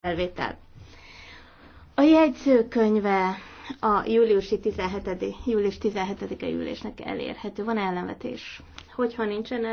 felvétel. A jegyzőkönyve a júliusi 17. július 17-e ülésnek elérhető. Van ellenvetés? Hogyha nincsen